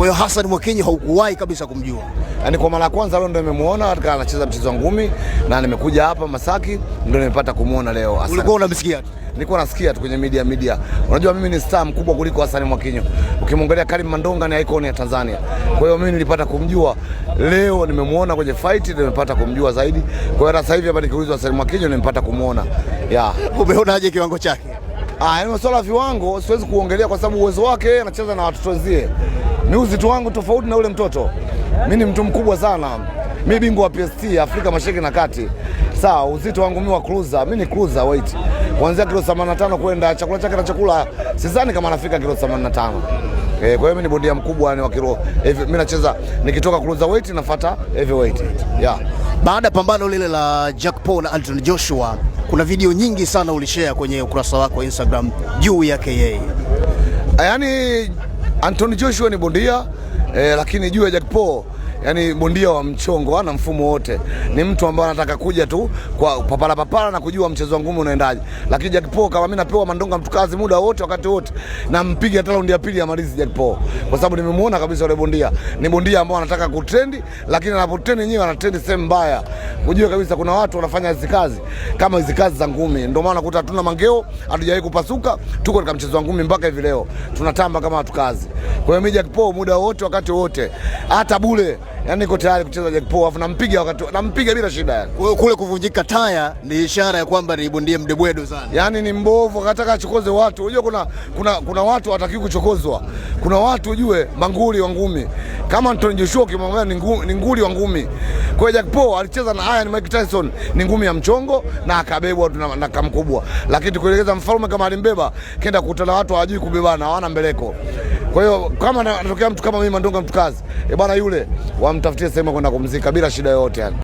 Kwa hiyo Hassan Mwakinyi haukuwahi kabisa kumjua. Yaani kwa mara ya kwanza leo ndio nimemuona katika anacheza mchezo wa ngumi na nimekuja hapa Masaki ndio nimepata kumuona leo Hassan. Ulikuwa unamsikia? tu? Nilikuwa nasikia tu kwenye media media. Unajua mimi ni star mkubwa kuliko Hassan Mwakinyo. Ukimwangalia Karim Mandonga ni icon ya Tanzania. Kwa hiyo mimi nilipata kumjua leo, nimemuona kwenye fight nimepata kumjua zaidi. Kwa hiyo sasa hivi hapa nikiulizwa Hassan Mwakinyo nimepata kumuona. Yeah. Umeonaje kiwango chake? Ah, ni masuala ya viwango siwezi kuongelea kwa sababu uwezo wake anacheza na watoto wenzie. Ni uzito wangu tofauti na ule mtoto. Mimi ni mtu mkubwa sana. Mimi bingwa wa PST Afrika Mashariki na Kati. Sawa, uzito wangu mimi wa cruiser, mimi ni cruiser weight. Kuanzia kilo 85 kwenda chakula chake na chakula sidhani kama anafika kilo 85. Eh, kwa hiyo mimi ni bondia mkubwa ni wa kilo. Mimi eh, nacheza nikitoka cruiser weight nafuata heavyweight. Yeah. Baada ya pambano lile la Jack Paul na Anthony Joshua kuna video nyingi sana ulishare kwenye ukurasa wako wa Instagram juu yake yeye. Yaani Anthony Joshua ni bondia eh, lakini juu ya Jack Paul yani bondia wa mchongo, ana mfumo wote, ni mtu ambaye anataka kuja tu kwa papala papala na kujua mchezo wa ngumi unaendaje. Lakini Jack Paul kama mimi napewa mandonga mtu kazi muda wote wakati wote, na mpige hata raundi ya pili amalizi Jack Paul, kwa sababu nimemuona kabisa yule bondia ni bondia ambaye anataka kutrend, lakini anapotrend yenyewe anatrend sehemu mbaya. Unajua kabisa kuna watu wanafanya hizo kazi kama hizo kazi za ngumi, ndio maana kuta hatuna mangeo, hatujawahi kupasuka, tuko katika mchezo wa ngumi mpaka hivi leo tunatamba kama watu kazi. Kwa hiyo mimi Jack Paul muda wote, wakati wote, hata bure, yani niko tayari kucheza Jack Paul afu nampiga wakati nampiga bila shida. Kule kuvunjika taya ni ishara ya kwamba ni bondie mdebwedo sana, Yaani ni mbovu, akataka achokoze watu. Unajua kuna, kuna, kuna watu hataki kuchokozwa, kuna watu ujue manguli wa ngumi kama Anthony Joshua kimwangalia ni nguli wa ngumi. Kwa hiyo Jack Paul alicheza na Iron Mike Tyson ni ngumi ya mchongo na akabebwa na, na kamkubwa, lakini kuelekeza mfalme kama alimbeba, kenda kukutana watu hawajui kubebana, hawana mbeleko kwa hiyo kama anatokea mtu kama mimi Mandonga mtu kazi, eh bwana, yule wamtafutie sehemu kwenda kumzika bila shida yoyote yani.